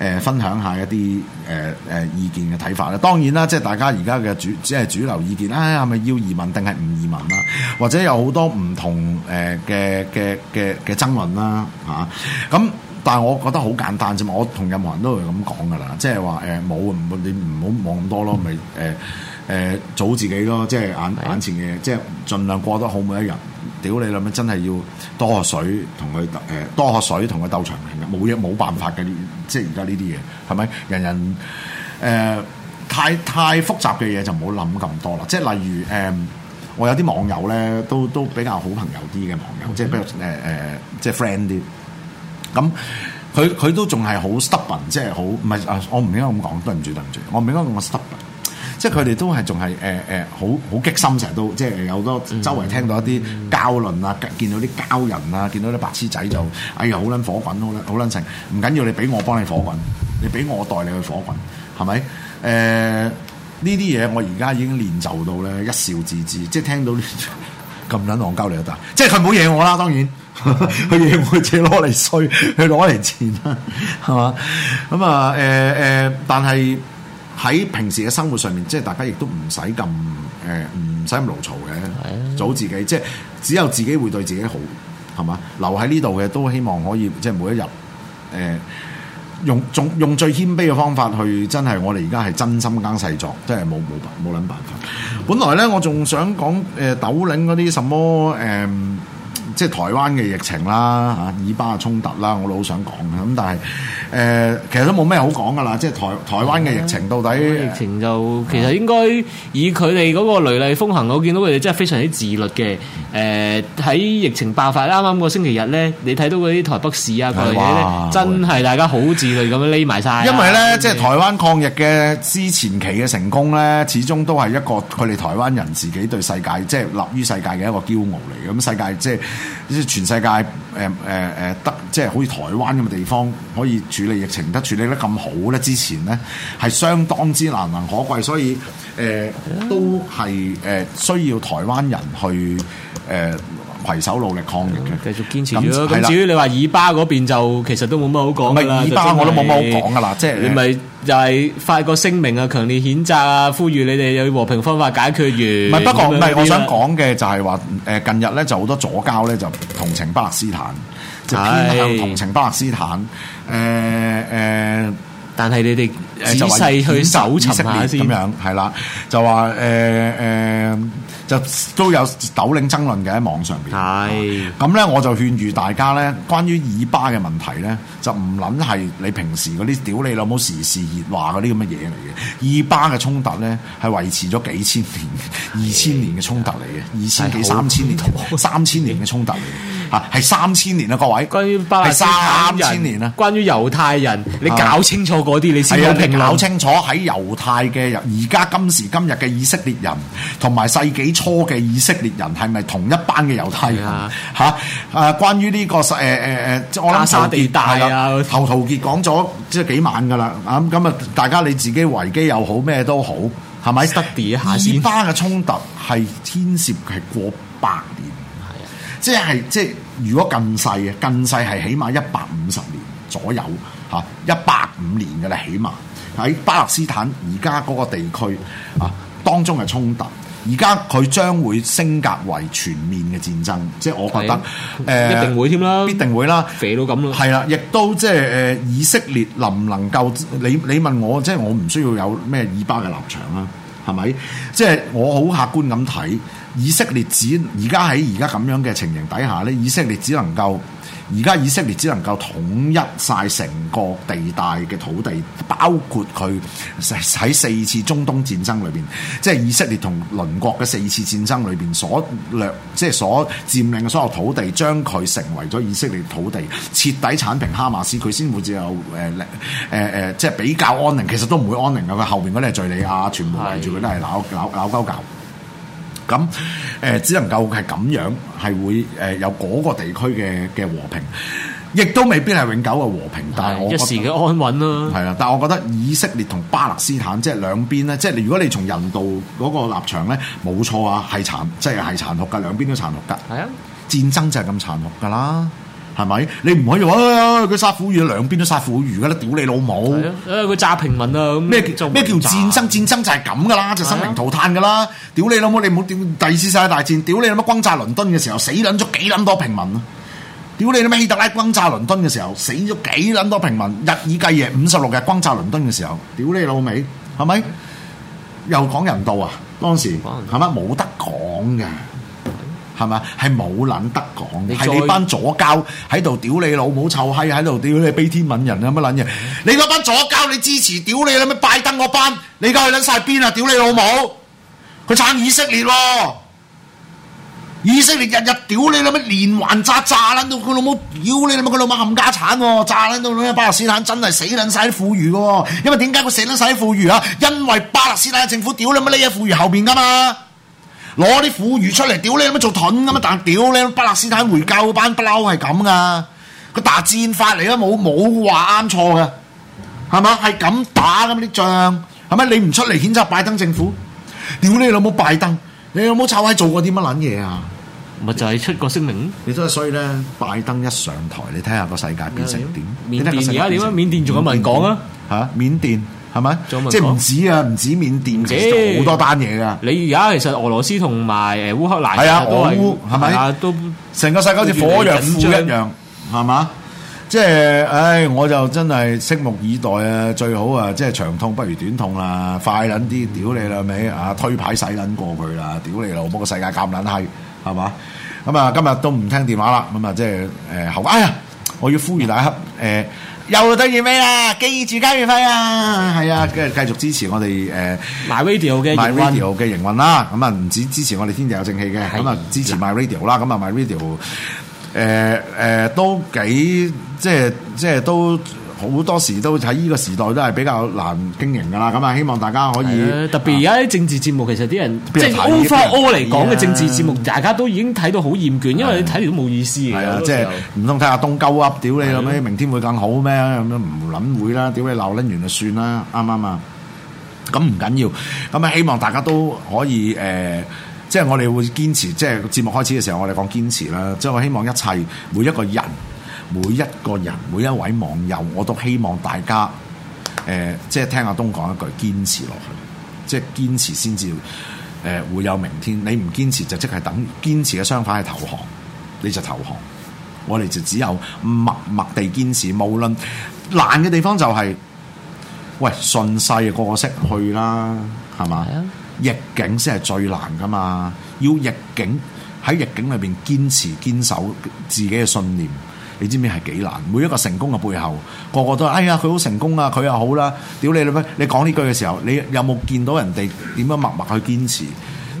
[SPEAKER 1] 誒、呃、分享一下一啲誒誒意見嘅睇法咧。當然啦，即係大家而家嘅主即係主流意見啦，係、哎、咪要移民定係唔移民啦？或者有好多唔同誒嘅嘅嘅嘅爭論啦，嚇、啊、咁。但係我覺得好簡單啫嘛，我同任何人都係咁講㗎啦，即係話誒冇唔你唔好望咁多咯，咪誒誒早自己咯，即係眼眼前嘅，即係盡量過得好每一日。屌你諗咩？真係要多喝水，同佢誒多喝水，同佢鬥長命嘅，冇嘢冇辦法嘅。即係而家呢啲嘢，係咪人人誒、呃、太太複雜嘅嘢就唔好諗咁多啦。即係例如誒、呃，我有啲網友咧，都都比較好朋友啲嘅網友，嗯、即係比如誒誒，即係 friend 啲。咁佢佢都仲係好 stubborn，即係好唔係啊！我唔應該咁講，對唔住對唔住，我唔應該咁 stubborn。即係佢哋都係仲係誒誒，好、呃、好、呃、激心成日都，即係有好多周圍聽到一啲交論啊，見到啲交人啊，見到啲白痴仔就，哎呀好撚火滾，好撚好撚成，唔緊要你俾我幫你火滾，你俾我代你去火滾，係咪？誒呢啲嘢我而家已經練就到咧，一笑置之，即係聽到咁撚戇鳩你就得，即係佢唔好惹我啦，當然佢 惹我，只攞嚟衰，佢攞嚟賤啦，係嘛？咁啊誒誒，但係。喺平時嘅生活上面，即係大家亦都唔使咁誒，唔使咁勞嘈嘅，做好的自己。即係只有自己會對自己好，係嘛？留喺呢度嘅都希望可以，即係每一日誒、呃，用用用最謙卑嘅方法去，真係我哋而家係真心耕細作，真係冇冇冇諗辦法。嗯、本來咧，我仲想講誒、呃，斗零嗰啲什麼誒、呃，即係台灣嘅疫情啦，嚇、呃，以巴嘅衝突啦，我都好想講嘅，咁但係。誒、呃，其實都冇咩好講噶啦，即係台台灣嘅疫情到底，啊、疫情就、啊、其實
[SPEAKER 2] 應該以佢哋嗰個雷厲風行，我見到佢哋真係非常之自律嘅。誒、呃，喺疫情爆發啱啱個星期日咧，你睇到嗰啲台北市啊，嗰類嘢咧，啊啊啊、真係大家好自律咁樣匿埋晒。因為咧，
[SPEAKER 1] 即係樣台灣抗疫嘅之前期嘅成功咧，始終都係一個佢哋台灣人自己對世界，即係立於世界嘅一個驕傲嚟。咁世界即係即係全世界誒誒誒得，即係好似台灣咁嘅地方可以，處理疫情得處理得咁好咧，之前咧係相當之難能可貴，所以誒、呃、都係誒、呃、需要台灣人去誒攜手努力抗疫嘅。繼續堅持咁樣，至於
[SPEAKER 2] 你話以巴嗰邊就其實都冇乜好講啦。是以巴我都冇乜好講㗎喇，即、就、係、是、你咪就係發個聲明啊，強烈譴責啊，呼籲你哋要和平方法解決完。唔係不，不過唔係我想講
[SPEAKER 1] 嘅就係話誒近日咧就好多左膠咧就同情巴勒斯坦。就偏向同情巴勒斯坦，誒、呃、誒，呃、但係你哋仔細去搜尋下先，咁樣係啦，就話誒誒，就都有斗領爭論嘅喺網上邊。係， 咁咧我就勸喻大家咧，關於以巴嘅問題咧，就唔撚係你平時嗰啲屌你老母時事熱話嗰啲咁嘅嘢嚟嘅。以巴嘅衝突咧，係維持咗幾千年， 二千年嘅衝突嚟嘅，二千幾三千年， 哎、三千年嘅衝突嚟。啊，係三千年啦，各位。關於巴人三千年啦，關於猶太人，你搞清楚嗰啲，你先好評搞清楚喺猶太嘅而家今時今日嘅以色列人，同埋世紀初嘅以色列人，係咪同一班嘅猶太人？嚇！誒，關於呢個誒誒誒，即係加沙地帶啊，陶陶傑講咗即係幾晚噶啦。咁咁啊，大家你自己維基又好，咩都好，係咪？Study 一下先。呢班嘅衝突係牽涉係過百年。即係即係，如果近世嘅近世係起碼一百五十年左右嚇，一百五年嘅啦，起碼喺巴勒斯坦而家嗰個地區啊，當中嘅衝突，而家佢將會升格為全面嘅戰爭。即係我覺得誒，的呃、一定會添啦，必定會啦，肥到咁咯。係啦，亦都即係誒，以色列能唔能夠？你你問我，即係我唔需要有咩以巴嘅立場啦，係咪？即係我好客觀咁睇。以色列只而家喺而家咁樣嘅情形底下咧，以色列只能夠，而家以色列只能夠統一晒成個地帶嘅土地，包括佢喺四次中東戰爭裏邊，即係以色列同鄰國嘅四次戰爭裏邊所掠，即係所佔領嘅所有土地，將佢成為咗以色列土地，徹底鏟平哈馬斯，佢先會只有誒誒誒即係比較安寧，其實都唔會安寧噶，佢後邊嗰啲係敍利亞，全部圍住佢都係攪攪攪搞交。的咁誒，只能夠係咁樣，係會誒有嗰個地區嘅嘅和平，亦都未必係永久嘅和平。的但係我覺得一時嘅安穩咯，係啊！但係我覺得以色列同巴勒斯坦即係兩邊咧，即係如果你從人道嗰個立場咧，冇錯啊，係殘即係係殘酷噶，兩邊都殘酷噶。係啊的，戰爭就係咁殘酷噶啦。係咪？你唔可以話佢殺富魚，兩邊都殺富魚噶啦！屌你老母！誒、啊，佢炸平民啊！咩叫咩叫戰爭？戰爭就係咁噶啦，就是、生靈塗炭噶啦！屌、啊、你老母！你冇第二次世界大戰，屌你老母！轟炸倫敦嘅時候死捻咗幾捻多平民啊！屌你乜希特拉轟炸倫敦嘅時候死咗幾捻多平民？日以繼夜五十六日轟炸倫敦嘅時候，屌你老味！係咪？又講人道啊？當時係咪冇得講嘅？係嘛？係冇撚得講，係你，再你班左膠喺度屌你老母臭閪，喺度屌你悲天憫人有乜撚嘢？你嗰班左膠，你支持屌你老母拜登嗰班？你而家去撚晒邊啊？屌你老母！佢撐以色列喎，以色列日日屌你老母連環炸炸撚到佢老母，屌你老母佢老母冚家鏟喎，炸撚到嗰啲巴勒斯坦真係死撚晒啲婦孺喎。因為點解佢死撚晒啲婦孺啊？因為巴勒斯坦政府屌你老母呢啲婦孺後邊噶嘛。攞啲婦孺出嚟，屌你咁啊做盾咁啊，但屌你巴勒斯坦回教班不嬲係咁噶，個大戰法嚟啊，冇冇話啱錯嘅，係嘛？係咁打咁啲仗係咪？你唔出嚟譴責拜登政府？屌你老母拜登，你老母臭閪做過啲乜撚嘢啊？咪就係出個聲明，你真係衰咧。拜登一上台，你睇下個世界變成點？係嘅。你睇下緬甸而家點啊？緬甸仲有冇人講啊？嚇，緬甸。係咪？即係唔止啊，唔止緬甸嘅好多單嘢噶。
[SPEAKER 2] 你而家其實俄羅斯同埋誒烏克蘭係啊，俄烏都係咪啊？都成個世界好似火藥庫一樣，
[SPEAKER 1] 係嘛、嗯？即係，唉，我就真係拭目以待啊！最好啊，即係長痛不如短痛啦，快捻啲，屌你老尾啊，推牌洗捻過佢啦，屌你老，冇個世界咁捻閪，係嘛？咁啊，今日都唔聽電話啦，咁啊，即係誒，好，哎呀，我要呼籲大家，誒、呃。又到月費啦，記住交月費啊！係啊，繼續支持我哋誒、呃、my radio 嘅營運啦。咁啊，唔止、嗯、支持我哋天地有正氣嘅，咁啊的支持 my radio 啦。咁啊 my radio 誒、呃、誒、呃、都幾即係即係都。好多時都喺呢個時代都係比較難經營㗎啦，咁啊，希望大家可以
[SPEAKER 2] 特別而家啲政治節目，其實啲人即係 overall 嚟講嘅政治
[SPEAKER 1] 節目，大家都已經睇到好厭倦，的因為你睇嚟都冇意思嘅。係啊的，即係唔通睇下東鳩噏，屌的你咁樣，明天會更好咩？咁樣唔諗會啦，屌的你鬧拎完就算啦，啱啱啊？咁唔緊要，咁啊，希望大家都可以誒，即係我哋會堅持，即係節目開始嘅時候，我哋講堅持啦。即係我希望一切每一個人。每一個人，每一位網友，我都希望大家誒、呃，即係聽阿東講一句，堅持落去，即係堅持先至誒會有明天。你唔堅持就即係等堅持嘅相反係投降，你就投降。我哋就只有默默地堅持。無論難嘅地方就係、是、喂順勢個個識去啦，係咪？Yeah. 逆境先係最難㗎嘛，要逆境喺逆境裏邊堅持堅守自己嘅信念。你知唔知係幾難？每一個成功嘅背後，個個都話：哎呀，佢好成功啊！佢又好啦。屌你啦咩？你講呢句嘅時候，你有冇見到人哋點樣默默去堅持？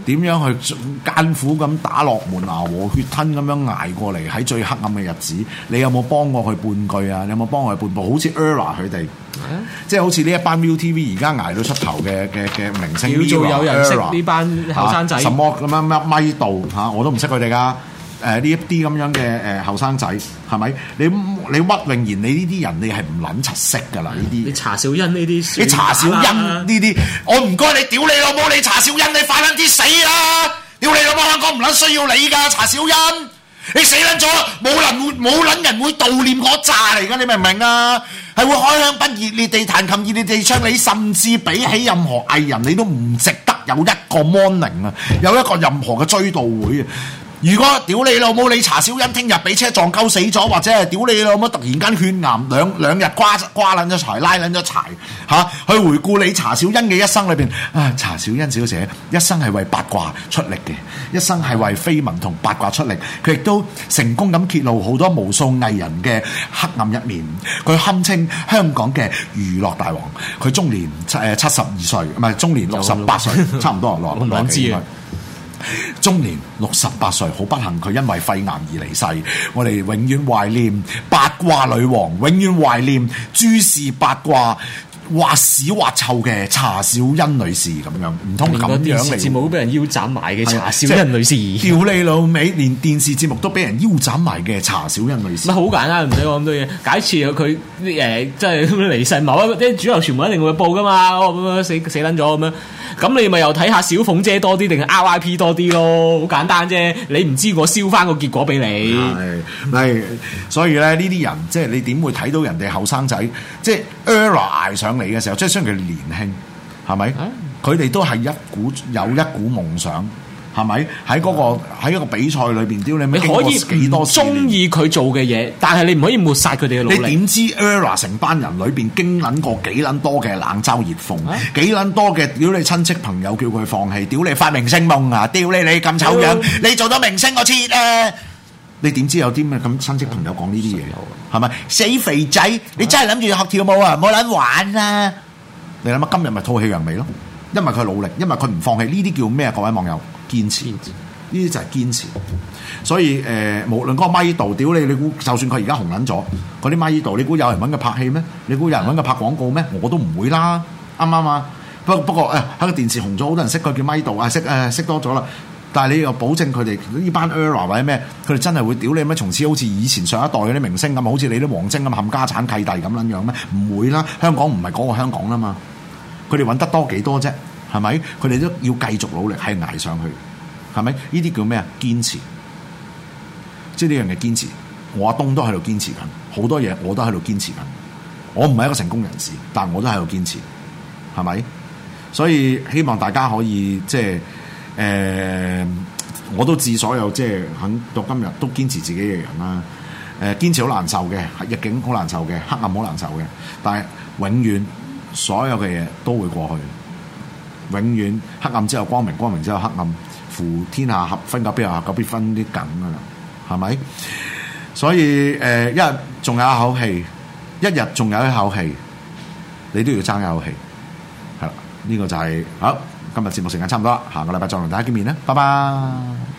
[SPEAKER 1] 點樣去艱苦咁打落門牙和血吞咁樣捱過嚟？喺最黑暗嘅日子，你有冇幫過佢半句啊？你有冇幫佢半步？好似 ERROR 佢哋，啊、即係好似呢一班 ViuTV 而家捱到出頭嘅嘅嘅明星，MIRROR，要做有人識呢班
[SPEAKER 2] 後生仔，什麼
[SPEAKER 1] 咁樣咩麥道嚇、啊？我都唔識佢哋噶。誒呢一啲咁樣嘅誒後生仔係咪？你你屈榮賢，你呢啲人你係唔撚出息噶啦呢啲。你查、呃、小欣呢啲、啊，你查小欣呢啲，我唔該你屌你老母！你查小欣，你快啲死啦！
[SPEAKER 2] 屌你老母，香
[SPEAKER 1] 港唔撚需要你噶，查小欣，你死啦！咗，冇人會冇撚人會悼念嗰扎嚟噶，你明唔明啊？係會開香檳熱烈地彈琴熱烈地唱你，甚至比起任何藝人，你都唔值得有一個 morning 啊，有一個任何嘅追悼會啊！如果屌你老母，你查小欣聽日俾車撞鳩死咗，或者係屌你老母突然間血癌兩兩日瓜瓜撚咗柴拉撚咗柴嚇、啊，去回顧你查小欣嘅一生裏邊啊，查小欣小姐一生係為八卦出力嘅，一生係為緋聞同八卦出力，佢亦都成功咁揭露好多無數藝人嘅黑暗一面，佢堪稱香港嘅娛樂大王。佢中年誒七,七十二歲，唔、啊、係中年六十八歲，有差唔多啊，我唔知啊。 終年六十八歲，好不幸，佢因為肺癌而離世。我哋永遠懷念八卦女王，永遠懷念諸事八卦。話屎話臭嘅查小欣女士咁樣，唔通咁樣嚟？電視節目俾人腰斬埋嘅查小欣女士，屌你老味！連電視節目都俾人腰斬埋嘅查小欣女士。乜好簡單，唔使講
[SPEAKER 2] 咁多嘢。假設佢佢誒，即係離世某一啲主流全部一定會報噶嘛。死死等咗咁樣，咁你咪又睇下小鳳姐多啲定係 RIP 多啲咯？好簡
[SPEAKER 1] 單啫。你唔知我燒翻個結果俾你係。所以咧，呢啲人即係你點會睇到人哋後生仔即係 error 上？你嘅時候，即係雖然佢年輕，係咪？佢哋都係一股有一股夢想，係咪？喺嗰個喺一個比賽裏邊，屌你！你可以幾多中意佢做嘅嘢，但係你唔可以抹殺佢哋嘅努力。你點知 Ella 成班人裏邊，經捻過幾捻多嘅冷嘲熱諷，幾捻多嘅屌你親戚朋友叫佢放棄，屌你發明星夢啊！屌你你咁醜樣，你做咗明星我切啊！你點知有啲咩咁親戚朋友講呢啲嘢喎？係咪死肥仔？你真係諗住學跳舞啊？唔好撚玩啦！你諗下今日咪吐氣揚眉咯！因為佢努力，因為佢唔放棄，呢啲叫咩啊？各位網友，堅持！呢啲就係堅持。所以誒、呃，無論嗰個麥道屌你，你估就算佢而家紅撚咗，嗰啲麥度你估有人揾佢拍戲咩？你估有人揾佢拍廣告咩？我都唔會啦，啱啱、呃、啊？不不過誒，喺個電視紅咗，好多人識佢叫麥度啊，識誒識多咗啦。但係你又保證佢哋呢班 error 或者咩，佢哋真係會屌你咩？從此好似以前上一代嗰啲明星咁，好似你啲王晶咁冚家產契弟咁撚樣咩？唔會啦，香港唔係嗰個香港啦嘛。佢哋揾得多幾多啫？係咪？佢哋都要繼續努力，係捱上去，係咪？呢啲叫咩啊？堅持，即係呢樣嘅堅持。我阿東都喺度堅持緊，好多嘢我都喺度堅持緊。我唔係一個成功人士，但係我都喺度堅持，係咪？所以希望大家可以即係。誒，我都致所有即係肯到今日都堅持自己嘅人啦。誒，堅持好難受嘅，逆境好難受嘅，黑暗好難受嘅。但係永遠所有嘅嘢都會過去。永遠黑暗之後光明，光明之後黑暗。夫天下合分，久必有合？久必分啲梗㗎啦，係咪？所以誒，一日仲有一口氣，一日仲有一口氣，你都要爭一口氣。係啦，呢個就係好。今日節目時間差唔多，下個禮拜再同大家見面啦，拜拜。